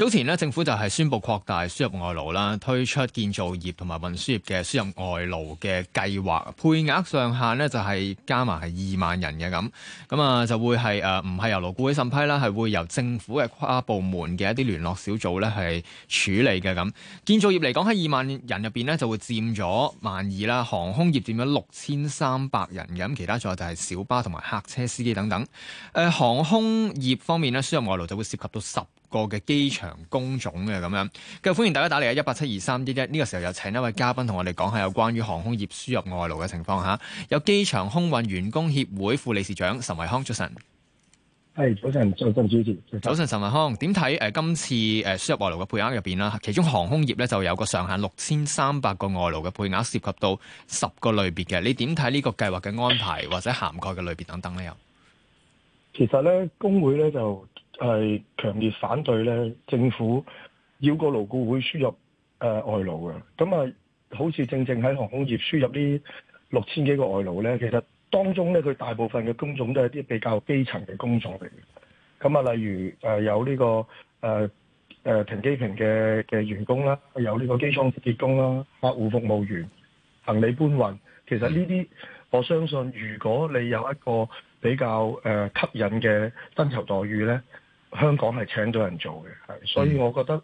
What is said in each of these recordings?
早前咧，政府就係宣布擴大輸入外勞啦，推出建造業同埋運輸業嘅輸入外勞嘅計劃，配額上限咧就係、是、加埋係二萬人嘅咁咁啊，就會係誒唔係由勞顧委審批啦，係會由政府嘅跨部門嘅一啲聯絡小組咧係處理嘅咁。建造業嚟講喺二萬人入邊咧，就會佔咗萬二啦。航空業佔咗六千三百人嘅咁，其他仲有就係小巴同埋客車司機等等。誒、呃，航空業方面咧，輸入外勞就會涉及到十個嘅機場工種嘅咁樣，繼續歡迎大家打嚟啊，一八七二三一一呢個時候又請一位嘉賓同我哋講下有關於航空業輸入外勞嘅情況吓、啊，有機場空運員工協會副理事長岑維康，早晨。早晨，早晨主持。晨，岑維康點睇誒？今次誒輸入外勞嘅配額入邊啦，其中航空業咧就有個上限六千三百個外勞嘅配額，涉及到十個類別嘅。你點睇呢個計劃嘅安排或者涵蓋嘅類別等等呢？有其實咧，工會咧就。係強烈反對咧，政府要個勞顧會輸入誒、呃、外勞嘅。咁、嗯、啊，好似正正喺航空業輸入呢六千幾個外勞咧，其實當中咧佢大部分嘅工種都係啲比較基層嘅工作嚟嘅。咁、嗯、啊，例如誒、呃、有呢、這個誒誒、呃呃、停機坪嘅嘅員工啦、呃，有呢個機艙接工啦，客戶服務員、行李搬運，其實呢啲我相信，如果你有一個比較誒、呃、吸引嘅薪酬待遇咧。香港係請咗人做嘅，係，所以我覺得誒、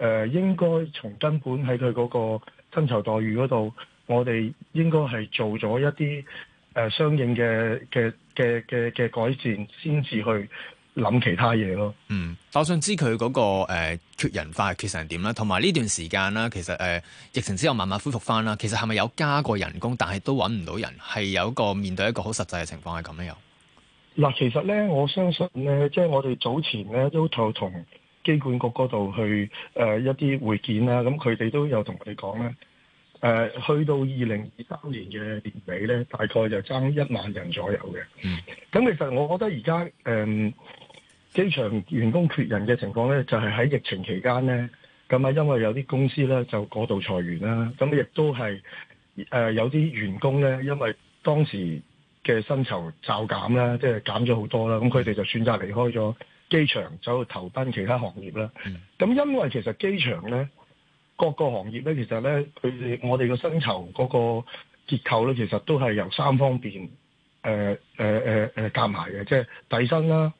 嗯呃、應該從根本喺佢嗰個薪酬待遇嗰度，我哋應該係做咗一啲誒、呃、相應嘅嘅嘅嘅嘅改善，先至去諗其他嘢咯。嗯，我想知佢嗰、那個缺、呃、人化係缺成點啦，同埋呢段時間啦，其實誒、呃、疫情之後慢慢恢復翻啦，其實係咪有加過人工，但係都揾唔到人，係有一個面對一個好實際嘅情況係咁樣。嗱，其實咧，我相信咧，即係我哋早前咧都就同機管局嗰度去誒、呃、一啲會見啦，咁佢哋都有同我哋講咧，誒、呃、去到二零二三年嘅年尾咧，大概就爭一萬人左右嘅。嗯，咁其實我覺得而家誒機場員工缺人嘅情況咧，就係、是、喺疫情期間咧，咁啊因為有啲公司咧就過度裁員啦，咁亦都係誒、呃、有啲員工咧，因為當時嘅薪酬驟減啦，即係減咗好多啦。咁佢哋就選擇離開咗機場，走去投奔其他行業啦。咁、嗯、因為其實機場呢，各個行業呢，其實呢，佢哋我哋嘅薪酬嗰個結構呢，其實都係由三方面，誒誒誒誒夾埋嘅，即係底薪啦、啊、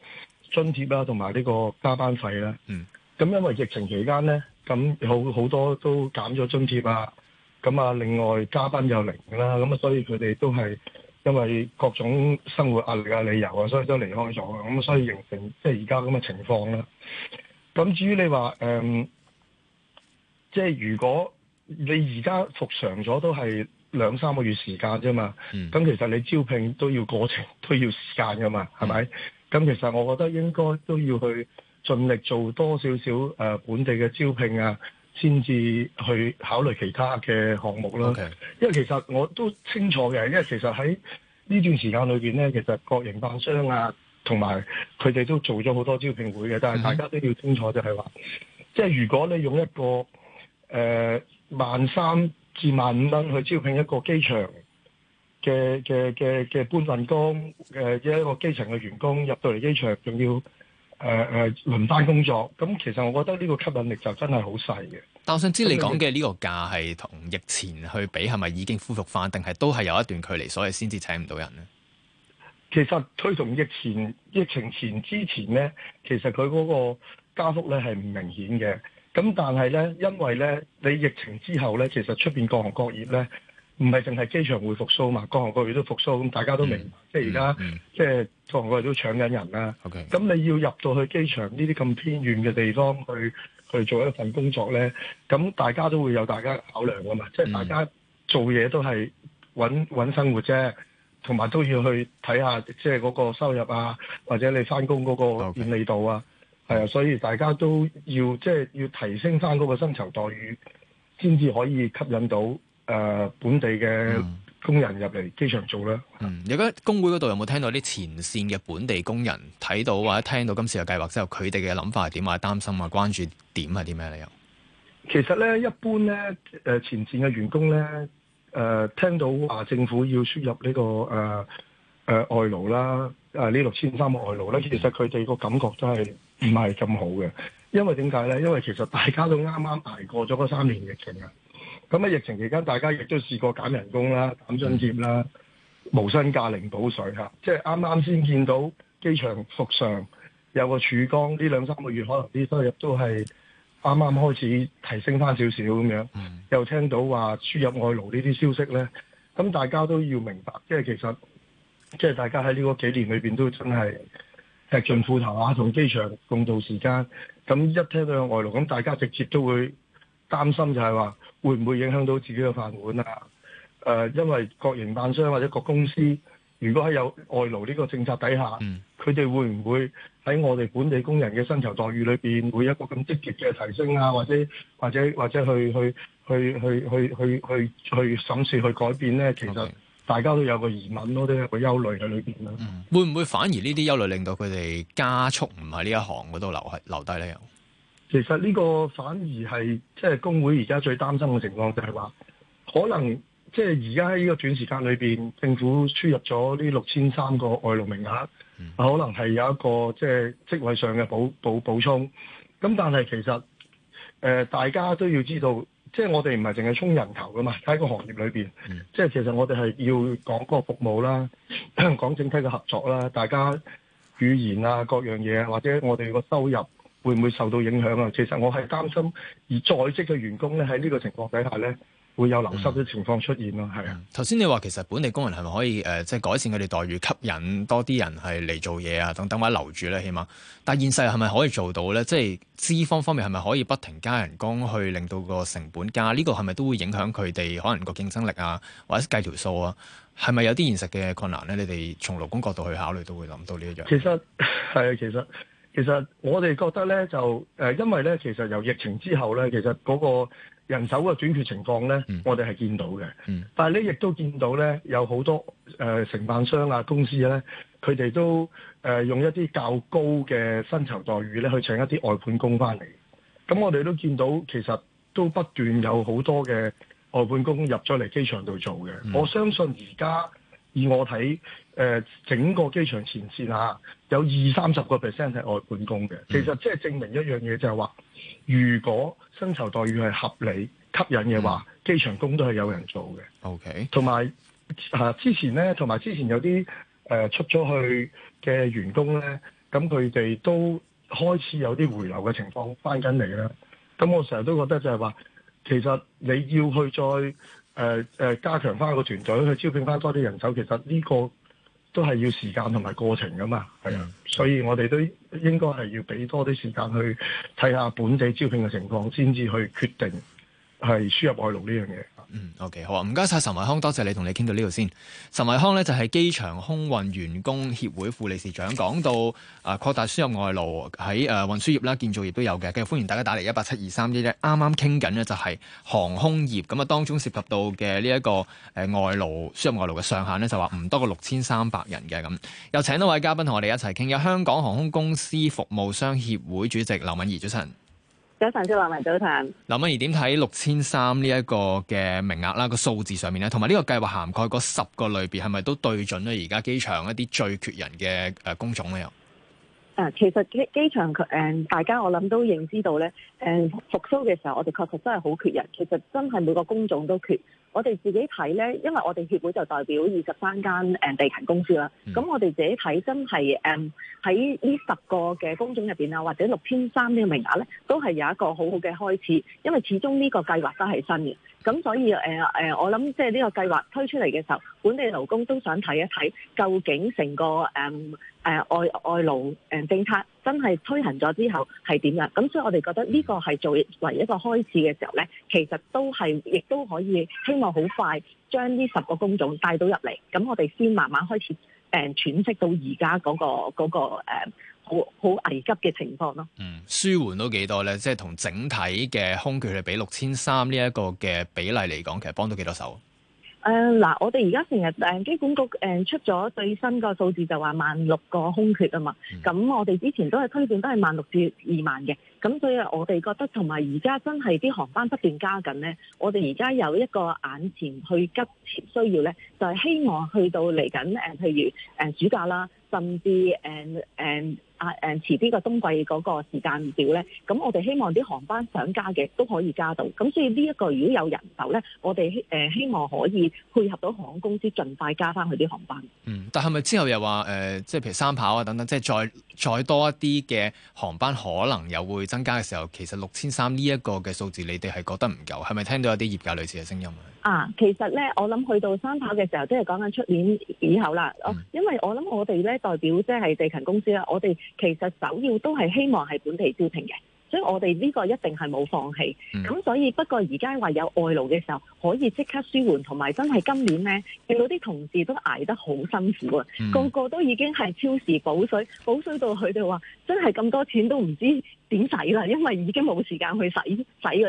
津貼啦、啊，同埋呢個加班費啦。咁、嗯、因為疫情期間呢，咁有好多都減咗津貼啊，咁啊，另外加班又零啦，咁啊，所以佢哋都係。因為各種生活壓力啊、理由啊，所以都離開咗，咁所以形成即係而家咁嘅情況啦。咁至於你話誒、嗯，即係如果你而家復常咗，都係兩三個月時間啫嘛。咁其實你招聘都要過程，都要時間噶嘛，係咪？咁其實我覺得應該都要去盡力做多少少誒本地嘅招聘啊。先至去考慮其他嘅項目啦 Okay.，因為其實我都清楚嘅，因為其實喺呢段時間裏邊呢，其實各營辦商啊，同埋佢哋都做咗好多招聘會嘅，但係大家都要清楚就係話，即係、mm hmm. 如果你用一個誒萬三至萬五蚊去招聘一個機場嘅嘅嘅嘅搬運工，誒、呃、一個基層嘅員工入到嚟機場仲要。誒誒、呃、輪班工作，咁其實我覺得呢個吸引力就真係好細嘅。但我想知你講嘅呢個價係同疫情去比，係咪已經恢復返，定係都係有一段距離，所以先至請唔到人呢？其實推同疫情，疫情前之前呢，其實佢嗰個加幅咧係唔明顯嘅。咁但係呢，因為呢，你疫情之後呢，其實出面各行各業呢。唔係淨係機場會復甦嘛，各行各業都復甦，咁大家都明白。嗯、即係而家，嗯、即係各行各業都搶緊人啦、啊。咁 Okay. 你要入到去機場呢啲咁偏遠嘅地方去去做一份工作呢，咁大家都會有大家考量㗎嘛。嗯、即係大家做嘢都係揾揾生活啫，同埋都要去睇下即係嗰個收入啊，或者你翻工嗰個便利度啊。係 Okay. 啊，所以大家都要即係要提升翻嗰個薪酬待遇，先至可以吸引到。誒、呃、本地嘅工人入嚟機場做啦。嗯，而家工會嗰度有冇聽到啲前線嘅本地工人睇到或者聽到今次嘅計劃之後，佢哋嘅諗法係點啊？擔心啊？關注點係啲咩理由？其實咧，一般咧，誒、呃、前線嘅員工咧，誒、呃、聽到話政府要輸入呢、這個誒誒、呃呃、外勞啦，誒呢六千三個外勞咧，其實佢哋個感覺真係唔係咁好嘅，因為點解咧？因為其實大家都啱啱捱過咗嗰三年疫情啊。咁喺疫情期間，大家亦都試過減人工啦、減津貼啦、mm hmm. 無薪假、零補水吓。即係啱啱先見到機場復常，有個曙光呢兩三個月，可能啲收入都係啱啱開始提升翻少少咁樣。Mm hmm. 又聽到話輸入外勞呢啲消息呢，咁大家都要明白，即係其實即係大家喺呢個幾年裏邊都真係吃盡苦頭啊，同機場共度時間。咁一聽到外勞，咁大家直接都會。擔心就係話會唔會影響到自己嘅飯碗啊？誒、呃，因為各營辦商或者各公司，如果喺有外勞呢個政策底下，佢哋、嗯、會唔會喺我哋本地工人嘅薪酬待遇裏邊，會一個咁積極嘅提升啊？嗯、或者或者或者去去去去去去去去審視去,去改變咧？其實大家都有個疑問咯，都有個憂慮喺裏邊啦。會唔會反而呢啲憂慮令到佢哋加速唔喺呢一行嗰度留係留低咧？其實呢個反而係即係工會而家最擔心嘅情況，就係話可能即係而家喺呢個短時間裏邊，政府輸入咗呢六千三個外勞名額，可能係有一個即係職位上嘅補補補充。咁但係其實誒、呃，大家都要知道，即係我哋唔係淨係沖人頭噶嘛，喺個行業裏邊，嗯、即係其實我哋係要講個服務啦，講整體嘅合作啦，大家語言啊各樣嘢，或者我哋個收入。會唔會受到影響啊？其實我係擔心而在職嘅員工咧，喺呢個情況底下咧，會有流失嘅情況出現咯。係啊、嗯，頭先是、嗯、你話其實本地工人係咪可以誒，即、呃、係、就是、改善佢哋待遇，吸引多啲人係嚟做嘢啊，等等或者留住咧，起碼。但係現實係咪可以做到咧？即、就、係、是、資方方面係咪可以不停加人工，去令到個成本加？呢、這個係咪都會影響佢哋可能個競爭力啊，或者計條數啊？係咪有啲現實嘅困難咧？你哋從勞工角度去考慮，都會諗到呢一樣。其實係啊，其實。其實我哋覺得呢，就誒、呃，因為呢，其實由疫情之後呢，其實嗰個人手嘅短缺情況呢，嗯、我哋係見到嘅。嗯、但係呢，亦都見到呢，有好多誒、呃、承辦商啊，公司呢，佢哋都誒、呃、用一啲較高嘅薪酬待遇呢，去請一啲外判工翻嚟。咁、嗯嗯、我哋都見到，其實都不斷有好多嘅外判工入咗嚟機場度做嘅。我相信而家以我睇。誒、呃、整個機場前線吓有二三十個 percent 係外判工嘅，其實即係證明一樣嘢就係、是、話，如果薪酬待遇係合理吸引嘅話，機場工都係有人做嘅。O K. 同埋啊，之前咧同埋之前有啲誒、呃、出咗去嘅員工咧，咁佢哋都開始有啲回流嘅情況返緊嚟啦。咁、嗯、我成日都覺得就係話，其實你要去再誒誒、呃呃、加強返個團隊去招聘返多啲人手，其實呢、這個。都係要時間同埋過程噶嘛，係啊，Yeah. 所以我哋都應該係要俾多啲時間去睇下本地招聘嘅情況，先至去決定係輸入外勞呢樣嘢。嗯，OK，好啊，唔該晒，岑維康，多謝你同你傾到呢度先。岑維康呢，就係、是、機場空運員工協會副理事長，講到啊、呃、擴大輸入外勞喺誒、呃、運輸業啦、建造業都有嘅，繼續歡迎大家打嚟一八七二三一一。啱啱傾緊呢，就係航空業，咁啊當中涉及到嘅呢一個誒外勞輸入外勞嘅上限呢，就話唔多過六千三百人嘅咁。又請多位嘉賓同我哋一齊傾，有香港航空公司服務商協會主席劉敏儀主持人。早晨，先話埋早晨。劉敏儀點睇六千三呢一個嘅名額啦？個數字上面咧，同埋呢個計劃涵蓋嗰十個類別，係咪都對準咗而家機場一啲最缺人嘅誒工種咧？又？啊，其實機機場、呃、大家我諗都認知到咧。誒、呃、復甦嘅時候，我哋確實真係好缺人。其實真係每個工種都缺。我哋自己睇咧，因為我哋協會就代表二十三間誒、呃、地勤公司啦。咁我哋自己睇真係誒喺呢十個嘅工種入邊啊，或者六千三呢個名額咧，都係有一個好好嘅開始。因為始終呢個計劃都係新嘅，咁所以誒誒、呃呃，我諗即係呢個計劃推出嚟嘅時候，本地勞工都想睇一睇究竟成個誒、呃誒外外勞誒政策真係推行咗之後係點樣？咁所以我哋覺得呢個係做為一個開始嘅時候咧，其實都係亦都可以希望好快將呢十個工種帶到入嚟，咁我哋先慢慢開始誒、呃、喘息到而家嗰個嗰、嗰個呃、好好危急嘅情況咯。嗯，舒緩到幾多咧？即係同整體嘅空缺係比六千三呢一個嘅比例嚟講，其實幫到幾多手？誒嗱、呃，我哋而家成日誒機管局誒出咗最新個數字就話萬六個空缺啊嘛，咁、嗯、我哋之前都係推斷都係萬六至二萬嘅，咁所以我哋覺得同埋而家真係啲航班不斷加緊咧，我哋而家有一個眼前去急需要咧，就係、是、希望去到嚟緊誒，譬、呃、如誒、呃、暑假啦。甚至誒誒啊誒遲啲個冬季嗰個時間表咧，咁我哋希望啲航班想加嘅都可以加到，咁所以呢一個如果有人手咧，我哋誒希望可以配合到航空公司盡快加翻佢啲航班。嗯，但係咪之後又話誒，即、呃、係譬如三跑啊等等，即係再。再多一啲嘅航班可能又會增加嘅時候，其實六千三呢一個嘅數字，你哋係覺得唔夠，係咪聽到一啲業界類似嘅聲音啊？其實咧，我諗去到三跑嘅時候，即係講緊出年以後啦。哦、嗯，因為我諗我哋咧代表即係地勤公司啦，我哋其實首要都係希望係本地招聘嘅。所以我哋呢個一定係冇放棄，咁、嗯、所以不過而家話有外勞嘅時候可以即刻舒緩，同埋真係今年呢，見到啲同事都捱得好辛苦啊，嗯、個個都已經係超時補水，補水到佢哋話真係咁多錢都唔知點使啦？因為已經冇時間去使使嗰啲誒誒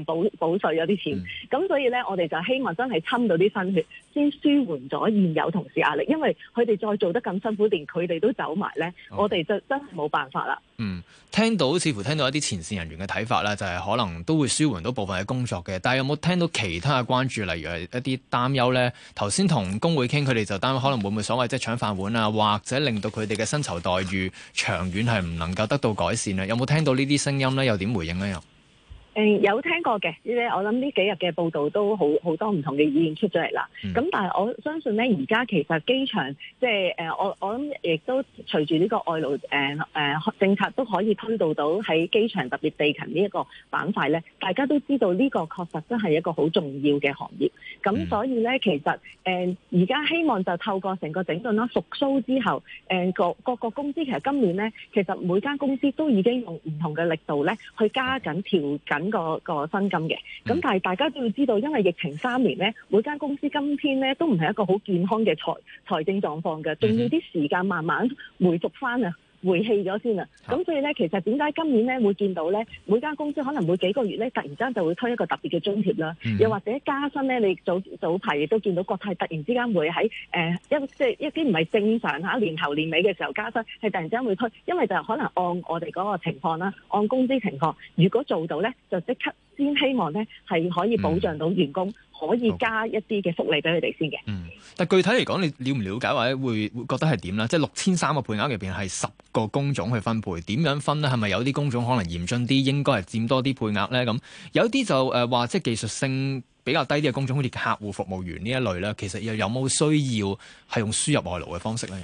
誒補補稅嗰啲錢，咁、嗯、所以咧，我哋就希望真係侵到啲新血，先舒緩咗現有同事壓力。因為佢哋再做得咁辛苦，連佢哋都走埋咧，我哋就真係冇辦法啦。嗯，聽到似乎聽到一啲前線人員嘅睇法啦，就係、是、可能都會舒緩到部分嘅工作嘅。但係有冇聽到其他嘅關注，例如係一啲擔憂咧？頭先同工會傾，佢哋就擔憂可能會唔會所謂即係搶飯碗啊，或者令到佢哋嘅薪酬待遇長遠係唔能夠得到改善？有冇聽到呢啲聲音咧？又點回應咧？又？嗯、有聽過嘅，呢我諗呢幾日嘅報道都好好多唔同嘅意見出咗嚟啦。咁、嗯、但係我相信呢，而家其實機場即係誒，我我諗亦都隨住呢個外勞誒誒政策都可以推動到喺機場特別地勤呢一個板塊。呢大家都知道呢個確實真係一個好重要嘅行業。咁、嗯、所以呢，其實誒而家希望就透過成個整頓啦、復甦之後，誒、呃、各、各各個公司其實今年呢，其實每間公司都已經用唔同嘅力度呢去加緊調緊。個個薪金嘅，咁但係大家都要知道，因為疫情三年咧，每間公司今天咧都唔係一個好健康嘅財財政狀況嘅，仲要啲時間慢慢回復翻啊。回氣咗先啦，咁所以咧，其實點解今年咧會見到咧，每間公司可能每幾個月咧，突然間就會推一個特別嘅津貼啦，嗯、又或者加薪咧。你早早排亦都見到國泰突然之間會喺誒、呃、一即係一啲唔係正常嚇年頭年尾嘅時候加薪，係突然之間會推，因為就可能按我哋嗰個情況啦，按工資情況，如果做到咧，就即刻先希望咧係可以保障到員工。嗯。可以加一啲嘅福利俾佢哋先嘅。嗯，但具體嚟講，你了唔了解或者會覺得係點啦？即係六千三個配額入邊係十個工種去分配，點樣分呢？係咪有啲工種可能嚴峻啲，應該係佔多啲配額咧？咁有啲就誒話，呃，即係技術性比較低啲嘅工種，好似客戶服務員呢一類咧，其實又有冇需要係用輸入外勞嘅方式咧？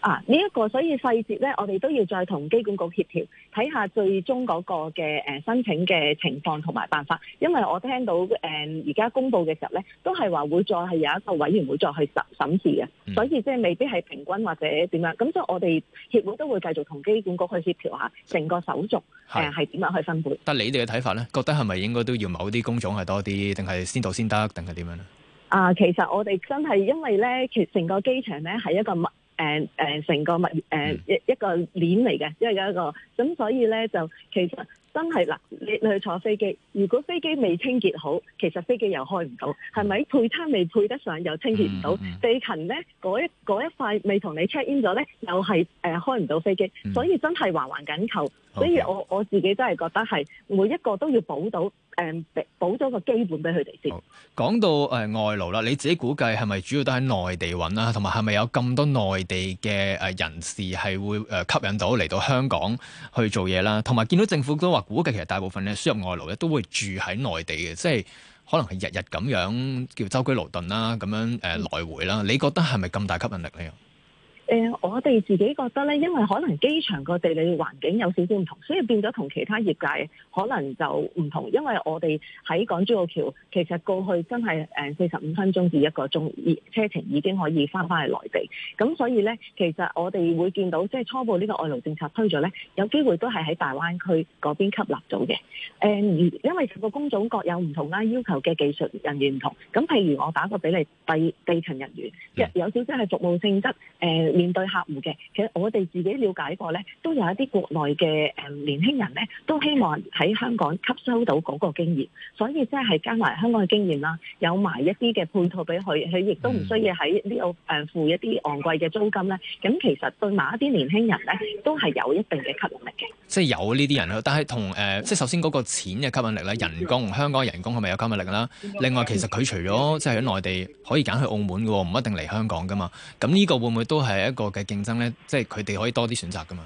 啊！呢、這、一個所以細節咧，我哋都要再同機管局協調，睇下最終嗰個嘅誒、呃、申請嘅情況同埋辦法。因為我聽到誒而家公布嘅時候咧，都係話會再係有一個委員會再去審審視嘅，所以即係未必係平均或者點樣咁。即、嗯、係、嗯嗯、我哋協會都會繼續同機管局去協調下成個手續誒係點樣去分配。但你哋嘅睇法咧，覺得係咪應該都要某啲工種係多啲，定係先到先得，定係點樣咧？啊，其實我哋真係因為咧、啊，其成個機場咧係一個誒誒，成個物誒一一個鏈嚟嘅，因為有一個咁，所以咧就其實真係嗱，你去坐飛機，如果飛機未清潔好，其實飛機又開唔到，係咪？配餐未配得上又清潔唔到，mm hmm. 地勤咧嗰一一塊未同你 check in 咗咧，又係誒、呃、開唔到飛機，所以真係環環緊扣。所以，我 Okay. 我自己都係覺得係每一個都要補到，誒、嗯，補咗個基本俾佢哋先。講到誒外勞啦，你自己估計係咪主要都喺內地揾啦？同埋係咪有咁多內地嘅誒人士係會誒吸引到嚟到香港去做嘢啦？同埋見到政府都話估計其實大部分咧輸入外勞咧都會住喺內地嘅，即係可能係日日咁樣叫周居勞頓啦，咁樣誒來回啦。嗯、你覺得係咪咁大吸引力咧？誒、呃，我哋自己覺得咧，因為可能機場個地理環境有少少唔同，所以變咗同其他業界可能就唔同。因為我哋喺港珠澳橋，其實過去真係誒四十五分鐘至一個鐘，而車程已經可以翻返去內地。咁所以咧，其實我哋會見到，即係初步呢個外勞政策推咗咧，有機會都係喺大灣區嗰邊吸納咗嘅。誒、呃，因為個工種各有唔同啦，要求嘅技術人員唔同。咁譬如我打個比例地，地地勤人員，即有有少少係服務性質，誒、呃。面對客戶嘅，其實我哋自己了解過咧，都有一啲國內嘅誒年輕人咧，都希望喺香港吸收到嗰個經驗，所以即係加埋香港嘅經驗啦，有埋一啲嘅配套俾佢，佢亦都唔需要喺呢度誒付一啲昂貴嘅租金咧。咁其實對埋一啲年輕人咧，都係有一定嘅吸引力嘅、呃。即係有呢啲人啦，但係同誒，即係首先嗰個錢嘅吸引力咧，人工香港人工係咪有吸引力啦？另外其實佢除咗即係喺內地可以揀去澳門嘅喎，唔一定嚟香港噶嘛。咁呢個會唔會都係？一個嘅競爭咧，即係佢哋可以多啲選擇噶嘛。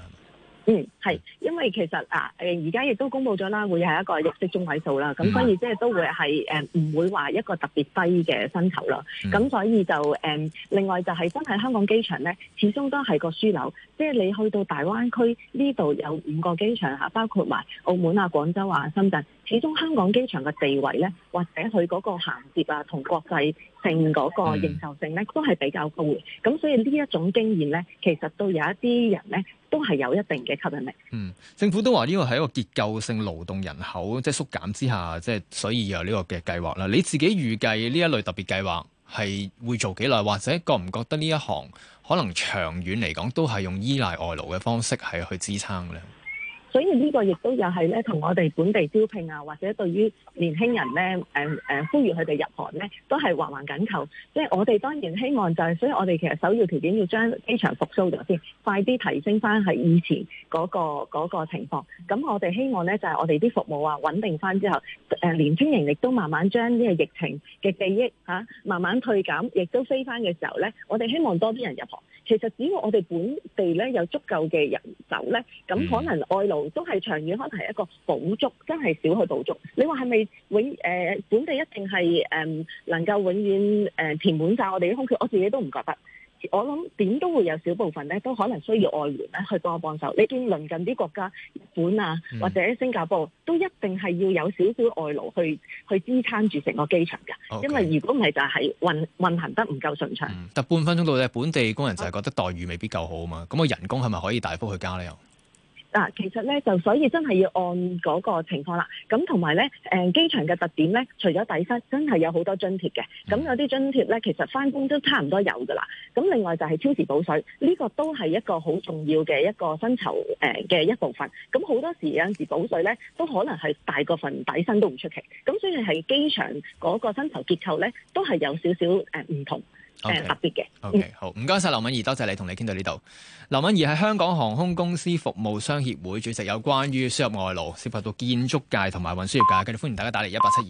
嗯，係，因為其實啊，誒而家亦都公布咗啦，會係一個入息中位數啦，咁、嗯、所以即係都會係誒唔會話一個特別低嘅薪酬啦。咁、嗯、所以就誒、嗯，另外就係真係香港機場咧，始終都係個樞紐，即係你去到大灣區呢度有五個機場嚇，包括埋澳門啊、廣州啊、深圳，始終香港機場嘅地位咧，或者佢嗰個銜接啊，同國際。性嗰個認受性咧，都係比較高嘅。咁所以呢一種經驗咧，其實都有一啲人咧，都係有一定嘅吸引力。嗯，政府都話呢個係一個結構性勞動人口，即係縮減之下，即係所以有呢個嘅計劃啦。你自己預計呢一類特別計劃係會做幾耐，或者覺唔覺得呢一行可能長遠嚟講都係用依賴外勞嘅方式係去支撐咧？所以呢個亦都有係咧，同我哋本地招聘啊，或者對於年輕人咧，誒誒，呼籲佢哋入行咧，都係環環緊扣。即係我哋當然希望就係，所以我哋其實首要條件要將機場復甦咗先，快啲提升翻係以前嗰個嗰個情況。咁我哋希望咧就係我哋啲服務啊穩定翻之後，誒年輕人亦都慢慢將呢個疫情嘅記憶嚇慢慢退減，亦都飛翻嘅時候咧，我哋希望多啲人入行。其實只要我哋本地咧有足夠嘅人手咧，咁可能外勞都係長遠，可能係一個補足，真係少去補足。你話係咪永誒本地一定係誒、呃、能夠永遠誒、呃、填滿晒我哋啲空缺？我自己都唔覺得。我諗點都會有少部分咧，都可能需要外援咧去幫我幫手。你見鄰近啲國家，日本啊或者新加坡，都一定係要有少少外勞去去支撐住成個機場噶。因為如果唔係就係運運行得唔夠順暢。嗱、嗯，但半分鐘到咧，本地工人就係覺得待遇未必夠好啊嘛。咁個人工係咪可以大幅去加呢？又？嗱，其實咧就所以真係要按嗰個情況啦，咁同埋咧誒機場嘅特點咧，除咗底薪，真係有好多津貼嘅，咁有啲津貼咧其實翻工都差唔多有噶啦，咁另外就係超時補水，呢個都係一個好重要嘅一個薪酬誒嘅一部分，咁好多時有陣時補水咧都可能係大過份底薪都唔出奇，咁所以係機場嗰個薪酬結構咧都係有少少誒唔同。係特嘅。Okay. OK，好，唔該曬，劉敏儀，多謝你同你傾到呢度。劉敏儀係香港航空公司服務商協會主席，有關於輸入外勞、涉及到建築界同埋運輸業界，跟住歡迎大家打嚟一八七二。